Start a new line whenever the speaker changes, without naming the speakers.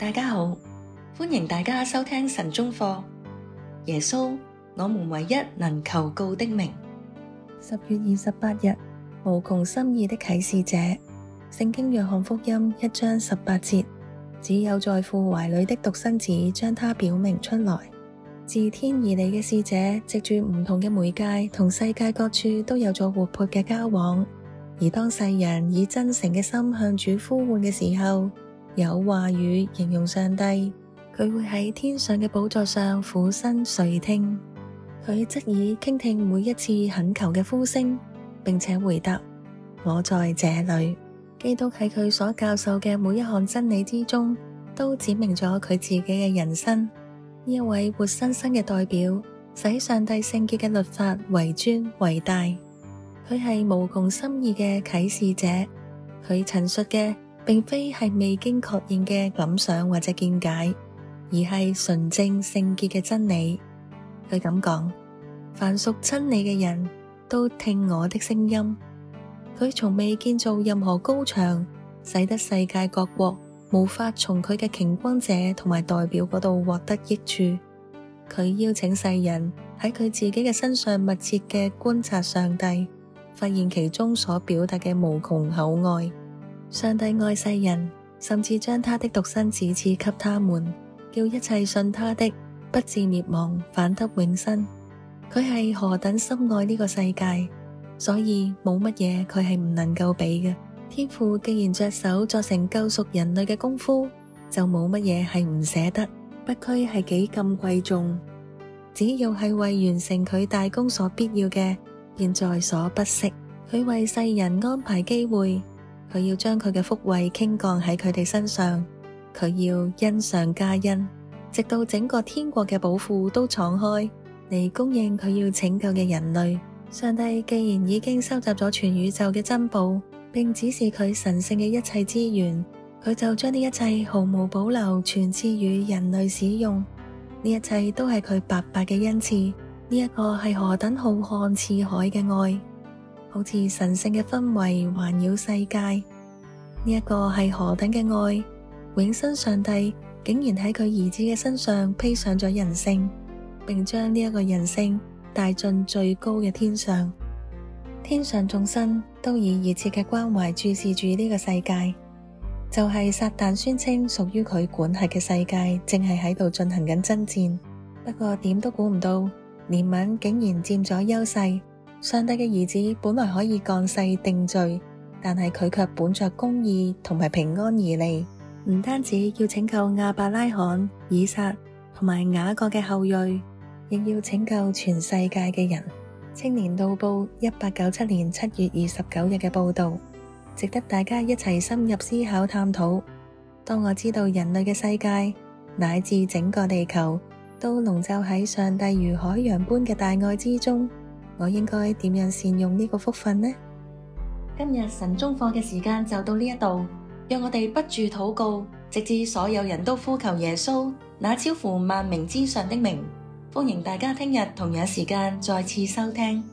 大家好，歡迎大家收聽晨鐘課。耶穌，我們唯一能求告的名。十月二十八日，無窮心意的啟示者，聖經約翰福音一章十八節，只有在父懷裏的獨生子將他表明出來。自天而來嘅使者，藉住唔同嘅媒介，同世界各處都有咗活潑嘅交往。而當世人以真誠嘅心向主呼喚嘅時候，有話語形容上帝，佢會喺天上嘅寶座上俯身垂聽，佢則以傾聽每一次懇求嘅呼聲，並且回答：我在這裏。基督喺佢所教授嘅每一項真理之中，都指明咗佢自己嘅人生。呢一位活生生嘅代表，使上帝聖潔嘅律法為尊為大。佢係無窮心意嘅啟示者，佢陳述嘅。並非係未經確認嘅感想或者見解，而係純正聖潔嘅真理。佢咁講：凡屬真理嘅人都聽我嘅聲音。佢從未建造任何高牆，使得世界各國無法從佢嘅瓊光者同埋代表嗰度獲得益處。佢邀請世人喺佢自己嘅身上密切嘅觀察上帝，發現其中所表達嘅無窮厚愛。上帝愛世人，甚至將他的獨生子賜給他們，叫一切信他的不至滅亡，反得永生。佢係何等深愛呢個世界，所以冇乜嘢佢係唔能夠俾嘅。天父既然着手作成救贖人類嘅功夫，就冇乜嘢係唔捨得，不拘係幾咁貴重，只要係為完成佢大功所必要嘅，便在所不惜。佢為世人安排機會。佢要將佢嘅福惠傾降喺佢哋身上，佢要恩上加恩，直到整個天國嘅寶庫都敞開嚟供應佢要拯救嘅人類。上帝既然已經收集咗全宇宙嘅珍寶，並指示佢神聖嘅一切資源，佢就將呢一切毫無保留傳賜與人類使用。呢一切都係佢白白嘅恩賜，呢一個係何等浩瀚似海嘅愛！好似神聖嘅氛圍環繞世界，呢、這、一個係何等嘅愛！永生上帝竟然喺佢兒子嘅身上披上咗人性，並將呢一個人性帶進最高嘅天上。天上眾生都以熱切嘅關懷注視住呢個世界。就係、是、撒旦宣稱屬於佢管轄嘅世界，正係喺度進行緊爭戰。不過點都估唔到，憐憫竟然佔咗優勢。上帝嘅兒子本來可以降世定罪，但係佢卻本着公義同埋平安而嚟，唔單止要拯救亞伯拉罕、以撒同埋雅各嘅後裔，亦要拯救全世界嘅人。青年導報一八九七年七月二十九日嘅報道，值得大家一齊深入思考探討。當我知道人類嘅世界乃至整個地球都籠罩喺上帝如海洋般嘅大愛之中。我應該點樣善用呢個福分呢？今日神中課嘅時間就到呢一度，讓我哋不住禱告，直至所有人都呼求耶穌，那超乎萬名之上的名。歡迎大家聽日同樣時間再次收聽。